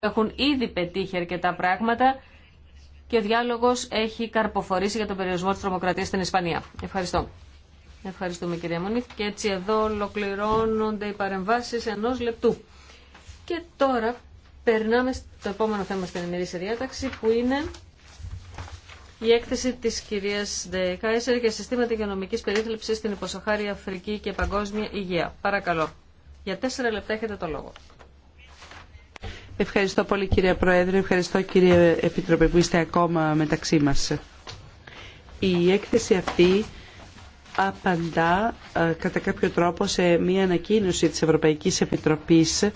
έχουν ήδη πετύχει αρκετά πράγματα και ο διάλογος έχει καρποφορήσει για τον περιορισμό της τρομοκρατίας στην Ισπανία. Ευχαριστώ. Ευχαριστούμε κυρία Μονίθ και έτσι εδώ ολοκληρώνονται οι παρεμβάσεις ενός λεπτού. Και τώρα περνάμε στο επόμενο θέμα στην ημερήσια διάταξη που είναι η έκθεση τη κυρία Ντεκάισερ για συστήματα υγειονομική περίθλιψης στην υποσοχάρη Αφρική και παγκόσμια υγεία. Παρακαλώ. Για τέσσερα λεπτά έχετε το λόγο. Ευχαριστώ πολύ κύριε Πρόεδρε, ευχαριστώ κύριε Επίτροπε που είστε ακόμα μεταξύ μας. Η έκθεση αυτή απαντά ε, κατά κάποιο τρόπο σε μία ανακοίνωση της Ευρωπαϊκής Επιτροπής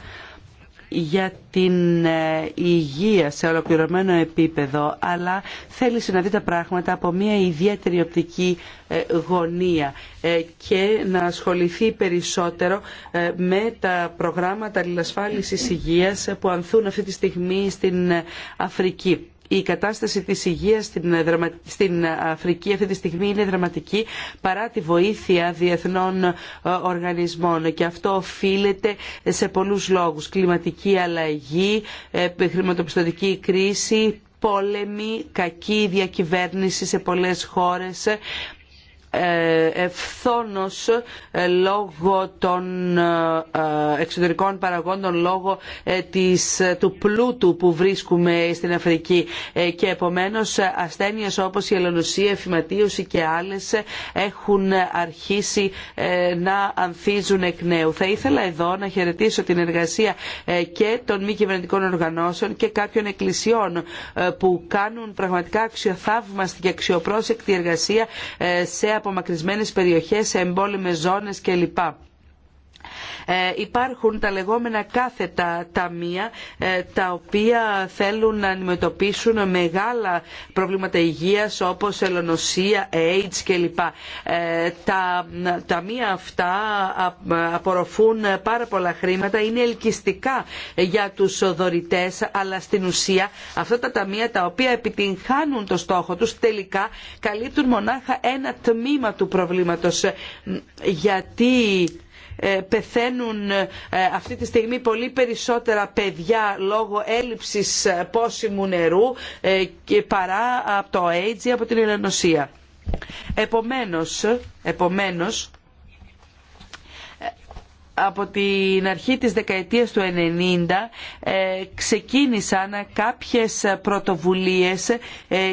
για την ε, υγεία σε ολοκληρωμένο επίπεδο, αλλά θέλει να δει τα πράγματα από μια ιδιαίτερη οπτική ε, γωνία ε, και να ασχοληθεί περισσότερο με τα προγράμματα αλληλασφάλισης υγείας που ανθούν αυτή τη στιγμή στην Αφρική η κατάσταση της υγείας στην ε, ε, Αφρική αυτή τη στιγμή είναι δραματική παρά τη βοήθεια διεθνών ε, οργανισμών και αυτό οφείλεται σε πολλούς λόγους. Κλιματική αλλαγή, χρηματοπιστωτική κρίση, πόλεμοι, κακή διακυβέρνηση σε πολλές χώρες ευθόνος ε, λόγω των ε, ε, εξωτερικών παραγόντων, λόγω της, του πλούτου που βρίσκουμε στην Αφρική και επομένως ασθένειες όπως η ελονοσία, εφηματίωση και άλλες έχουν αρχίσει να ανθίζουν εκ νέου. Θα ήθελα εδώ να χαιρετήσω την εργασία και των μη κυβερνητικών οργανώσεων και κάποιων εκκλησιών που κάνουν πραγματικά αξιοθαύμαστη και αξιοπρόσεκτη εργασία σε απομακρυσμένες περιοχές, σε εμπόλεμες ζώνες κλπ. Ε, υπάρχουν τα λεγόμενα κάθετα ταμεία ε, τα οποία θέλουν να αντιμετωπίσουν μεγάλα προβλήματα υγείας όπως ελονοσία, AIDS κλπ. Ε, τα ταμεία αυτά απορροφούν πάρα πολλά χρήματα, είναι ελκυστικά για τους δωρητές αλλά στην ουσία αυτά τα ταμεία τα οποία επιτυγχάνουν το στόχο τους τελικά καλύπτουν μονάχα ένα τμήμα του προβλήματος γιατί ε, πεθαίνουν ε, αυτή τη στιγμή πολύ περισσότερα παιδιά λόγω έλλειψης ε, πόσιμου νερού παρά από το AIDS ή από την ειρηνοσία. Επομένως, επομένως από την αρχή της δεκαετίας του 90 ξεκίνησαν κάποιες πρωτοβουλίες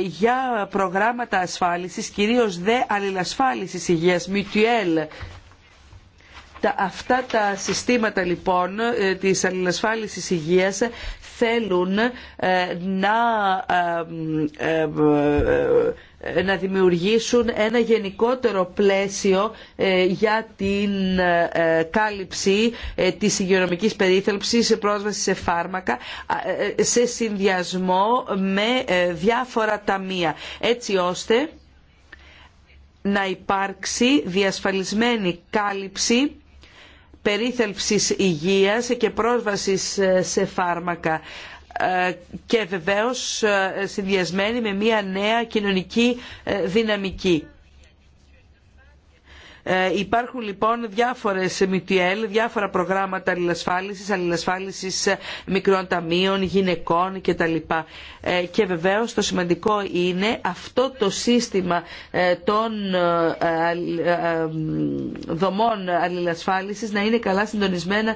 για προγράμματα ασφάλισης, κυρίως δε αλληλασφάλισης υγείας, Mutuel Αυτά τα συστήματα λοιπόν ε, της αλληλασφάλισης υγείας θέλουν ε, να ε, να δημιουργήσουν ένα γενικότερο πλαίσιο για την κάλυψη της υγειονομικής περίθαλψης σε πρόσβαση σε φάρμακα σε συνδυασμό με διάφορα ταμεία έτσι ώστε να υπάρξει διασφαλισμένη κάλυψη περίθελψης υγείας και πρόσβασης σε φάρμακα ε, και βεβαίως ε, συνδυασμένη με μια νέα κοινωνική ε, δυναμική. Ε, υπάρχουν λοιπόν διάφορες MTL, διάφορα προγράμματα αλληλασφάλισης, αλληλασφάλισης ε, μικρών ταμείων, γυναικών κτλ. Ε, και βεβαίως το σημαντικό είναι αυτό το σύστημα των δομών αλληλασφάλισης να είναι καλά συντονισμένα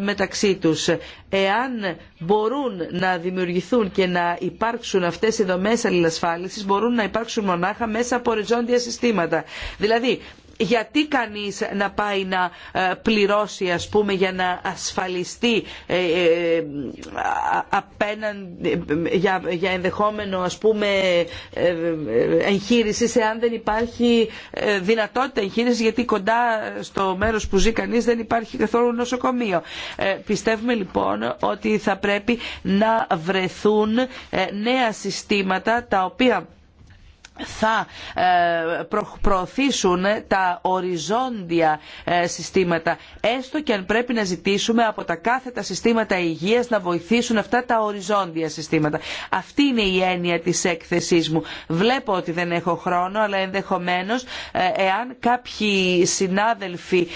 μεταξύ τους. Εάν μπορούν να δημιουργηθούν και να υπάρξουν αυτές οι δομές αλληλασφάλισης μπορούν να υπάρξουν μονάχα μέσα από οριζόντια συστήματα. Δηλαδή γιατί κανείς να πάει να ε, πληρώσει ας πούμε για να ασφαλιστεί ε, ε, απέναντι για, ενδεχόμενο ας πούμε εγχείρηση εάν δεν υπάρχει δυνατότητα εγχείρηση γιατί κοντά στο μέρος που ζει κανείς δεν υπάρχει καθόλου νοσοκομείο. Πιστεύουμε λοιπόν ότι θα πρέπει να βρεθούν νέα συστήματα τα οποία θα ε, προωθήσουν τα οριζόντια ε, συστήματα έστω και αν πρέπει να ζητήσουμε από τα κάθετα συστήματα υγείας να βοηθήσουν αυτά τα οριζόντια συστήματα. Αυτή είναι η έννοια της έκθεσής μου. Βλέπω ότι δεν έχω χρόνο αλλά ενδεχομένως ε, εάν κάποιοι συνάδελφοι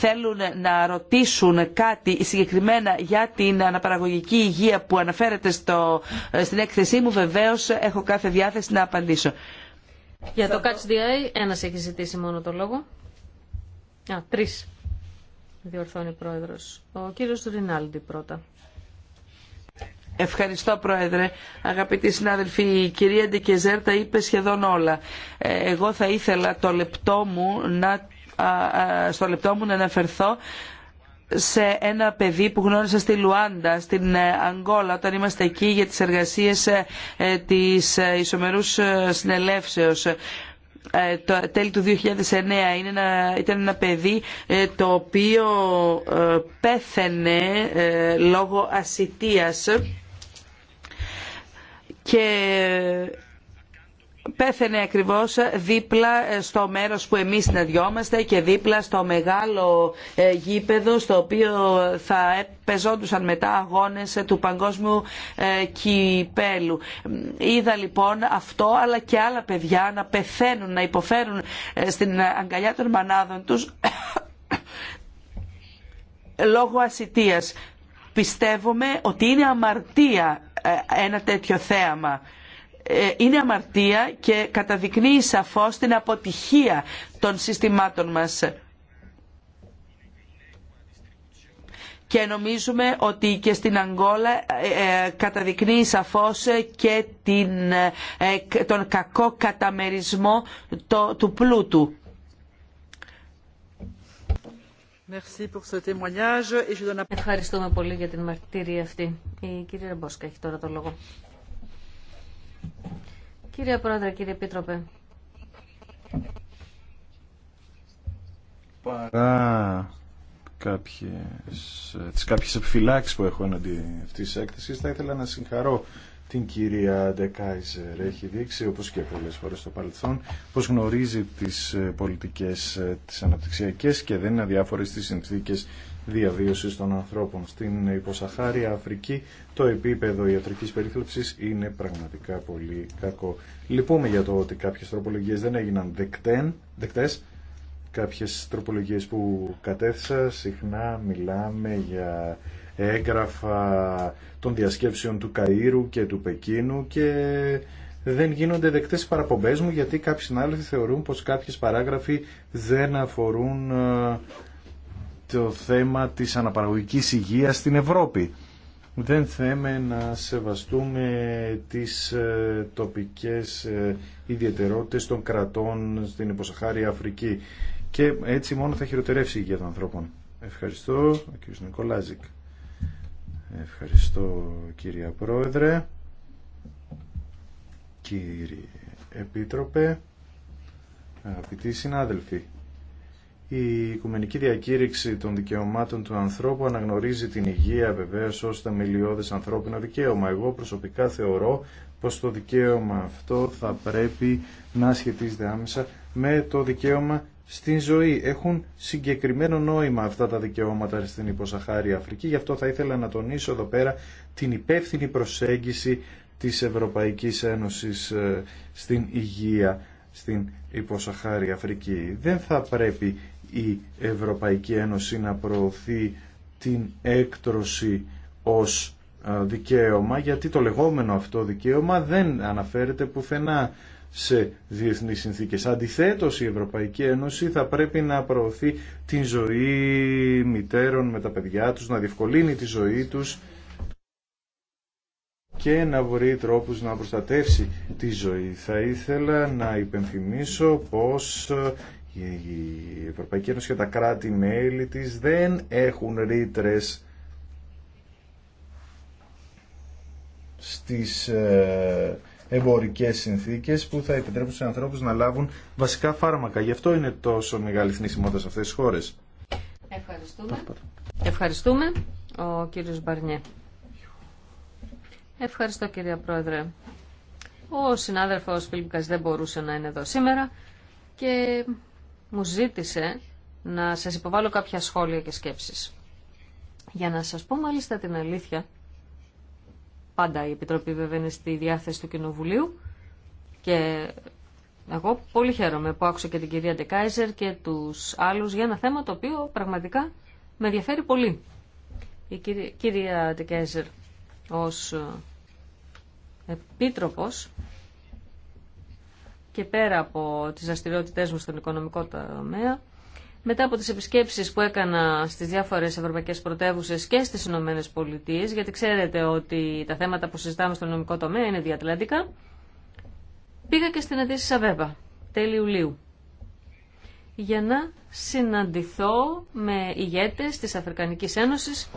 θέλουν να ρωτήσουν κάτι συγκεκριμένα για την αναπαραγωγική υγεία που αναφέρεται στο, στην έκθεσή μου βεβαίως έχω κάθε διάθεση να απαντήσω. Για το Catch the Eye, ένας έχει ζητήσει μόνο το λόγο. Α, τρεις, διορθώνει ο πρόεδρος. Ο κύριος Ρινάλντι πρώτα. Ευχαριστώ Πρόεδρε. Αγαπητοί συνάδελφοι, η κυρία Ντικεζέρ τα είπε σχεδόν όλα. Ε, εγώ θα ήθελα το λεπτό μου να, στο λεπτό μου να αναφερθώ σε ένα παιδί που γνώρισα στη Λουάντα, στην ε, Αγγόλα, όταν είμαστε εκεί για τις εργασίες ε, ε, της Ισομερούς Συνελεύσεως το τέλη του 2009 είναι ήταν ένα παιδί το οποίο πέθαινε λόγω ασιτίας και πέθανε ακριβώς δίπλα ε, στο μέρος που εμείς συναντιόμαστε και δίπλα στο μεγάλο ε, γήπεδο στο οποίο θα πεζόντουσαν μετά αγώνες του παγκόσμιου ε, κυπέλου. Είδα λοιπόν αυτό αλλά και άλλα παιδιά να πεθαίνουν, να υποφέρουν στην αγκαλιά των μανάδων τους λόγω ασυτείας. Πιστεύουμε ότι είναι αμαρτία ένα τέτοιο θέαμα ε, είναι αμαρτία και καταδεικνύει σαφώς την αποτυχία των συστημάτων μας. και νομίζουμε ότι και στην Αγγόλα ε, ε, καταδεικνύει σαφώς και την, τον κακό καταμερισμό του πλούτου. Ευχαριστούμε πολύ για την μαρτυρία αυτή. Η κυρία Μπόσκα έχει τώρα το λόγο. Κύριε Πρόεδρε, κύριε Επίτροπε. Παρά κάποιες, τις κάποιες επιφυλάξεις που έχω εναντί αυτής της έκθεσης, θα ήθελα να συγχαρώ την κυρία Ντεκάιζερ. Έχει δείξει, όπως και πολλές φορές στο παρελθόν, πως γνωρίζει τις ε, πολιτικές ε, τις αναπτυξιακές και δεν είναι αδιάφορες στις συνθήκες διαβίωσης των ανθρώπων. Στην υποσαχάρια Αφρική το επίπεδο ιατρικής περίθλιψης είναι πραγματικά πολύ κακό. Λυπούμε για το ότι κάποιες τροπολογίες δεν έγιναν δεκτέν, δεκτές. Κάποιες τροπολογίες που κατέθεσα συχνά μιλάμε για έγγραφα των διασκέψεων του Καΐρου και του Πεκίνου και δεν γίνονται δεκτές οι παραπομπές μου γιατί κάποιοι συνάδελφοι θεωρούν πως κάποιες παράγραφοι δεν αφορούν ε, το θέμα της αναπαραγωγικής υγείας στην Ευρώπη. Δεν θέμε να σεβαστούμε τις ε, τοπικές ε, ιδιαιτερότητες των κρατών στην υποσαχάρια Αφρική και έτσι μόνο θα χειροτερεύσει η υγεία των ανθρώπων. Ευχαριστώ, κ. Νικολάζικ. Ευχαριστώ κύριε Πρόεδρε, κύριε Επίτροπε, αγαπητοί συνάδελφοι. Η Οικουμενική Διακήρυξη των Δικαιωμάτων του Ανθρώπου αναγνωρίζει την υγεία βεβαίως ως θεμελιώδες ανθρώπινο δικαίωμα. Εγώ προσωπικά θεωρώ πως το δικαίωμα αυτό θα πρέπει να σχετίζεται άμεσα με το δικαίωμα στην ζωή. Έχουν συγκεκριμένο νόημα αυτά τα δικαιώματα στην υποσαχάρια Αφρική. Γι' αυτό θα ήθελα να τονίσω εδώ πέρα την υπεύθυνη προσέγγιση της Ευρωπαϊκής Ένωσης ε, στην υγεία στην υποσαχάρια Αφρική. Δεν θα πρέπει η Ευρωπαϊκή Ένωση να προωθεί την έκτρωση ως ε, δικαίωμα γιατί το λεγόμενο αυτό δικαίωμα δεν αναφέρεται πουθενά σε διεθνείς συνθήκες. Αντιθέτως η Ευρωπαϊκή Ένωση θα πρέπει να προωθεί την ζωή μητέρων με τα παιδιά τους, να διευκολύνει τη ζωή τους και να βρει τρόπους να προστατεύσει τη ζωή. Θα ήθελα να υπενθυμίσω πως η Ευρωπαϊκή Ένωση και τα κράτη-μέλη της δεν έχουν ρήτρε στις ε, Εμπορικέ συνθήκες που θα επιτρέψουν σε ανθρώπους να λάβουν βασικά φάρμακα. Γι' αυτό είναι τόσο μεγάλη θνησιμότητα σε αυτές τις χώρες. Ευχαριστούμε. Ευχαριστούμε ο κύριος Μπαρνιέ. Ευχαριστώ κυρία Πρόεδρε. Ο συνάδελφος Φιλίπκας δεν μπορούσε να είναι εδώ σήμερα και μου ζήτησε να σας υποβάλω κάποια σχόλια και σκέψεις. Για να σας πω μάλιστα την αλήθεια, Πάντα η Επιτροπή βέβαια είναι στη διάθεση του Κοινοβουλίου και εγώ πολύ χαίρομαι που άκουσα και την κυρία Ντεκάιζερ και τους άλλους για ένα θέμα το οποίο πραγματικά με ενδιαφέρει πολύ. Η κυρία, Ντεκάιζερ ως ε, επίτροπος και πέρα από τις δραστηριότητε μου στον οικονομικό τομέα μετά από τις επισκέψεις που έκανα στις διάφορες ευρωπαϊκές πρωτεύουσες και στις Ηνωμένες Πολιτείες, γιατί ξέρετε ότι τα θέματα που συζητάμε στο νομικό τομέα είναι διατλαντικά, πήγα και στην Αντίση Σαβέβα, τέλη Ιουλίου, για να συναντηθώ με ηγέτες της Αφρικανικής Ένωσης,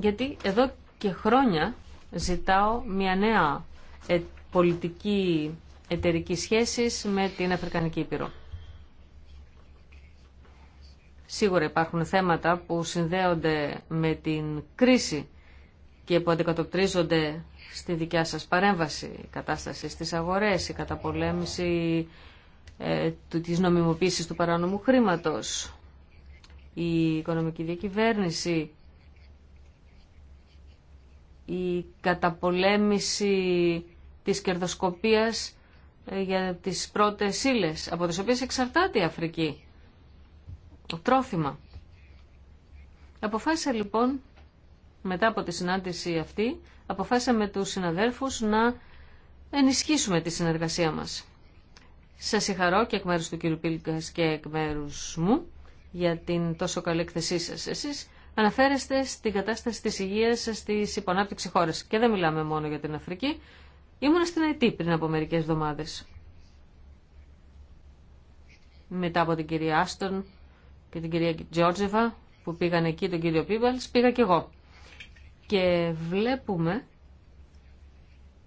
γιατί εδώ και χρόνια ζητάω μια νέα ε, πολιτική εταιρική σχέση με την Αφρικανική Ήπειρο. Σίγουρα υπάρχουν θέματα που συνδέονται με την κρίση και που αντικατοπτρίζονται στη δικιά σας παρέμβαση, η κατάσταση στις αγορές, η καταπολέμηση ε, του, της νομιμοποίησης του παράνομου χρήματος, η οικονομική διακυβέρνηση, η καταπολέμηση της κερδοσκοπίας ε, για τις πρώτες ύλες, από τις οποίες εξαρτάται η Αφρική τρόφιμα. Αποφάσισα λοιπόν, μετά από τη συνάντηση αυτή, αποφάσισα με τους συναδέλφους να ενισχύσουμε τη συνεργασία μας. Σας συγχαρώ και εκ μέρους του κύριου Πίλκας και εκ μέρους μου για την τόσο καλή εκθεσή σας. Εσείς αναφέρεστε στην κατάσταση της υγείας στις υπονάπτυξη χώρες και δεν μιλάμε μόνο για την Αφρική. ήμουν στην Αιτή πριν από μερικές εβδομάδες. Μετά από την κυρία Άστον και την κυρία Τζόρτζεβα που πήγαν εκεί τον κύριο Πίβαλς, πήγα και εγώ. Και βλέπουμε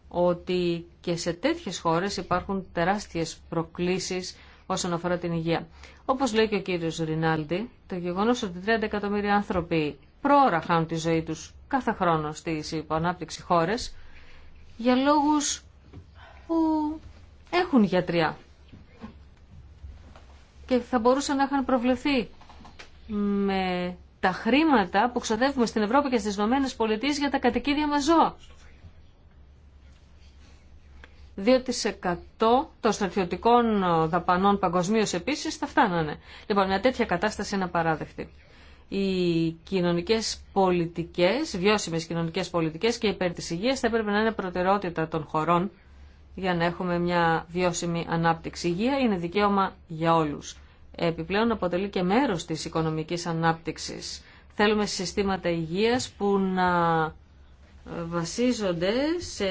ότι και σε τέτοιες χώρες υπάρχουν τεράστιες προκλήσεις όσον αφορά την υγεία. Όπως λέει και ο κύριος Ρινάλντι, το γεγονός ότι 30 εκατομμύρια άνθρωποι πρόωρα χάνουν τη ζωή τους κάθε χρόνο στις υποανάπτυξη χώρες για λόγους που έχουν γιατριά και θα μπορούσαν να είχαν προβλεφθεί με τα χρήματα που ξοδεύουμε στην Ευρώπη και στις Ηνωμένες Πολιτείες για τα κατοικίδια μας ζώα. 2% των στρατιωτικών δαπανών παγκοσμίω επίσης θα φτάνανε. Λοιπόν, μια τέτοια κατάσταση είναι απαράδεκτη. Οι κοινωνικές πολιτικές, βιώσιμες κοινωνικές πολιτικές και υπέρ της υγείας θα έπρεπε να είναι προτεραιότητα των χωρών για να έχουμε μια βιώσιμη ανάπτυξη. Η υγεία είναι δικαίωμα για όλους. Επιπλέον αποτελεί και μέρος της οικονομικής ανάπτυξης. Θέλουμε συστήματα υγείας που να ε, βασίζονται σε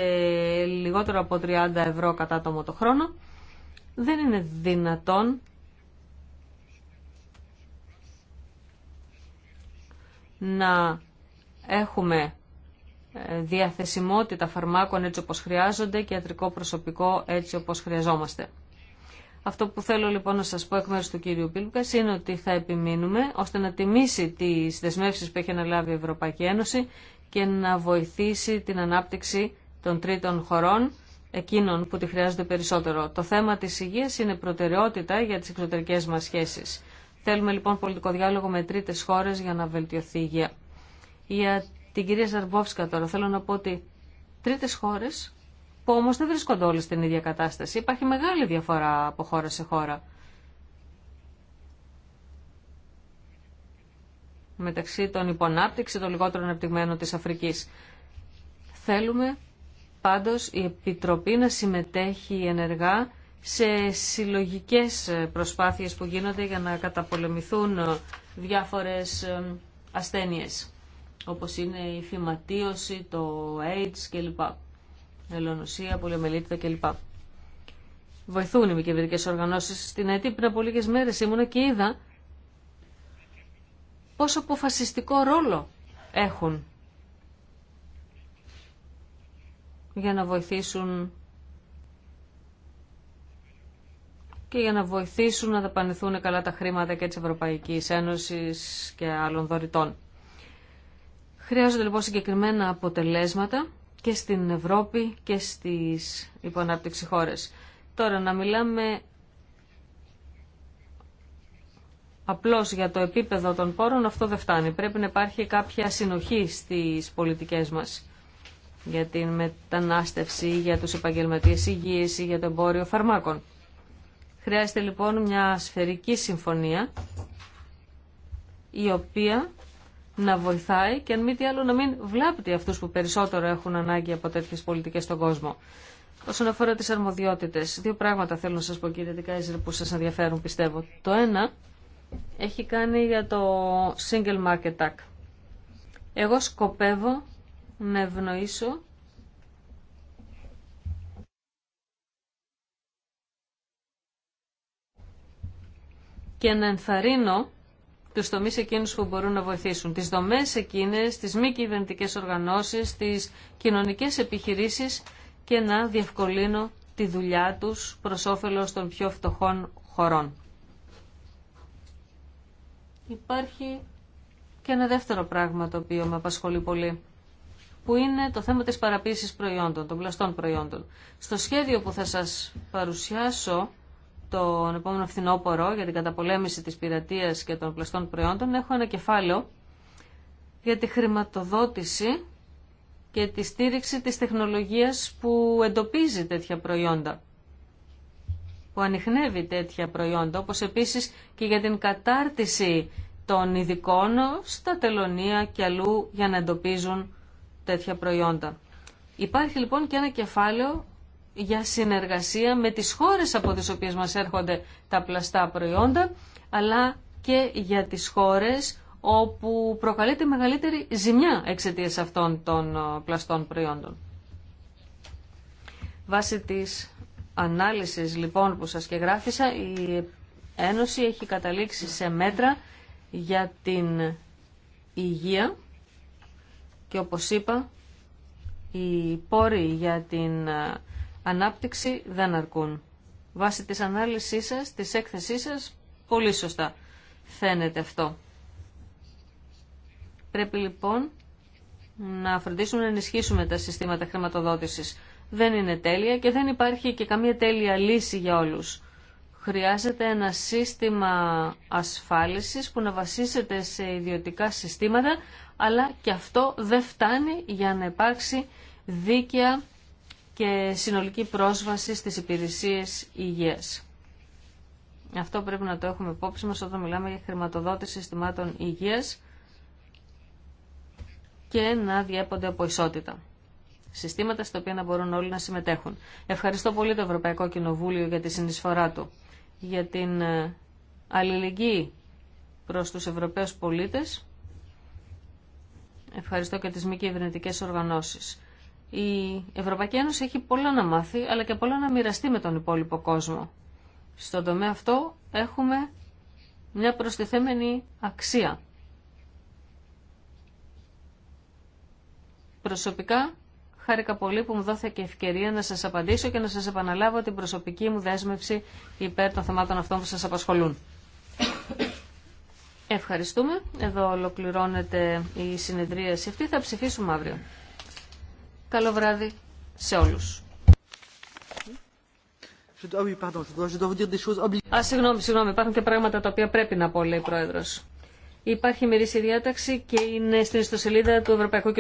λιγότερο από 30 ευρώ κατά το χρόνο. Δεν είναι δυνατόν να έχουμε διαθεσιμότητα φαρμάκων έτσι όπως χρειάζονται και ιατρικό προσωπικό έτσι όπως χρειαζόμαστε. Αυτό που θέλω λοιπόν να σας πω εκ μέρους του κύριου Πίλουκας είναι ότι θα επιμείνουμε ώστε να τιμήσει τις δεσμεύσεις που έχει αναλάβει η Ευρωπαϊκή Ένωση και να βοηθήσει την ανάπτυξη των τρίτων χωρών εκείνων που τη χρειάζονται περισσότερο. Το θέμα της υγείας είναι προτεραιότητα για τις εξωτερικές μας σχέσεις. Θέλουμε λοιπόν πολιτικό διάλογο με τρίτες χώρες για να βελτιωθεί η υγεία την κυρία Ζαρμπόφσκα τώρα, θέλω να πω ότι τρίτες χώρες που όμως δεν βρίσκονται όλοι στην ίδια κατάσταση. Υπάρχει μεγάλη διαφορά από χώρα σε χώρα. μεταξύ των υπονάπτυξη των λιγότερων αναπτυγμένων της Αφρικής. Θέλουμε πάντως η Επιτροπή να συμμετέχει ενεργά σε συλλογικές προσπάθειες που γίνονται για να καταπολεμηθούν διάφορες ασθένειες όπως είναι η φυματίωση, το AIDS κλπ. Ελονοσία, πολυμελίτητα κλπ. Βοηθούν οι μη κυβερνικέ οργανώσει. Στην ΑΕΤ πριν από λίγε μέρε ήμουν και είδα πόσο αποφασιστικό ρόλο έχουν για να βοηθήσουν και για να βοηθήσουν να δαπανηθούν καλά τα χρήματα και της Ευρωπαϊκής Ένωσης και άλλων δωρητών. Χρειάζονται λοιπόν συγκεκριμένα αποτελέσματα και στην Ευρώπη και στις υποανάπτυξη λοιπόν, χώρες. Τώρα να μιλάμε απλώς για το επίπεδο των πόρων, αυτό δεν φτάνει. Πρέπει να υπάρχει κάποια συνοχή στις πολιτικές μας για την μετανάστευση, για τους επαγγελματίες υγείας ή για το εμπόριο φαρμάκων. Χρειάζεται λοιπόν μια σφαιρική συμφωνία η οποία να βοηθάει και αν μη τι άλλο να μην βλάπτει αυτού που περισσότερο έχουν ανάγκη από τέτοιε πολιτικές στον κόσμο. Όσον αφορά τις αρμοδιότητες, δύο πράγματα θέλω να σας πω κύριε Δικάιζερ που σας ενδιαφέρουν πιστεύω. Το ένα έχει κάνει για το Single Market Act. Εγώ σκοπεύω να ευνοήσω και να ενθαρρύνω του τομεί εκείνους που μπορούν να βοηθήσουν. Τις δομέ εκείνες, τις μη κυβερνητικέ οργανώσεις, τις κοινωνικές επιχειρήσεις και να διευκολύνω τη δουλειά τους προ όφελο των πιο φτωχών χωρών. Υπάρχει και ένα δεύτερο πράγμα το οποίο με απασχολεί πολύ που είναι το θέμα της παραποίησης προϊόντων, των πλαστών προϊόντων. Στο σχέδιο που θα σας παρουσιάσω τον επόμενο φθινόπορο για την καταπολέμηση της πειρατείας και των πλαστών προϊόντων έχω ένα κεφάλαιο για τη χρηματοδότηση και τη στήριξη της τεχνολογίας που εντοπίζει τέτοια προϊόντα, που ανοιχνεύει τέτοια προϊόντα, όπως επίσης και για την κατάρτιση των ειδικών στα τελωνία και αλλού για να εντοπίζουν τέτοια προϊόντα. Υπάρχει λοιπόν και ένα κεφάλαιο για συνεργασία με τις χώρες από τις οποίες μας έρχονται τα πλαστά προϊόντα, αλλά και για τις χώρες όπου προκαλείται μεγαλύτερη ζημιά εξαιτίας αυτών των ε, πλαστών προϊόντων. Βάσει της ανάλυσης λοιπόν που σας και γράφησα, η Ένωση έχει καταλήξει σε μέτρα για την υγεία και όπως είπα, οι πόροι για την ε, ανάπτυξη δεν αρκούν. Βάσει της ανάλυσής σας, της έκθεσής σας, πολύ σωστά φαίνεται αυτό. Πρέπει λοιπόν να φροντίσουμε να ενισχύσουμε τα συστήματα χρηματοδότησης. Δεν είναι τέλεια και δεν υπάρχει και καμία τέλεια λύση για όλους. Χρειάζεται ένα σύστημα ασφάλισης που να βασίζεται σε ιδιωτικά συστήματα, αλλά και αυτό δεν φτάνει για να υπάρξει δίκαια και συνολική πρόσβαση στις υπηρεσίες υγείας. Αυτό πρέπει να το έχουμε υπόψη μας όταν μιλάμε για χρηματοδότηση συστημάτων υγείας και να διέπονται από ισότητα. Συστήματα στα οποία να μπορούν όλοι να συμμετέχουν. Ευχαριστώ πολύ το Ευρωπαϊκό Κοινοβούλιο για τη συνεισφορά του, για την ε, αλληλεγγύη προς τους Ευρωπαίους πολίτες. Ευχαριστώ και τις μη κυβερνητικέ οργανώσεις. Η Ευρωπαϊκή Ένωση έχει πολλά να μάθει, αλλά και πολλά να μοιραστεί με τον υπόλοιπο κόσμο. Στον τομέα αυτό έχουμε μια προστιθέμενη αξία. Προσωπικά, χάρηκα πολύ που μου δόθηκε ευκαιρία να σας απαντήσω και να σας επαναλάβω την προσωπική μου δέσμευση υπέρ των θεμάτων αυτών που σας απασχολούν. Ευχαριστούμε. Εδώ ολοκληρώνεται η συνεδρίαση αυτή. Θα ψηφίσουμε αύριο. Καλό βράδυ σε όλους. Α, συγγνώμη, συγγνώμη, υπάρχουν και πράγματα τα οποία πρέπει να πω, λέει η Πρόεδρος. Υπάρχει μερική διάταξη και είναι στην ιστοσελίδα του Ευρωπαϊκού Κοινοβουλίου.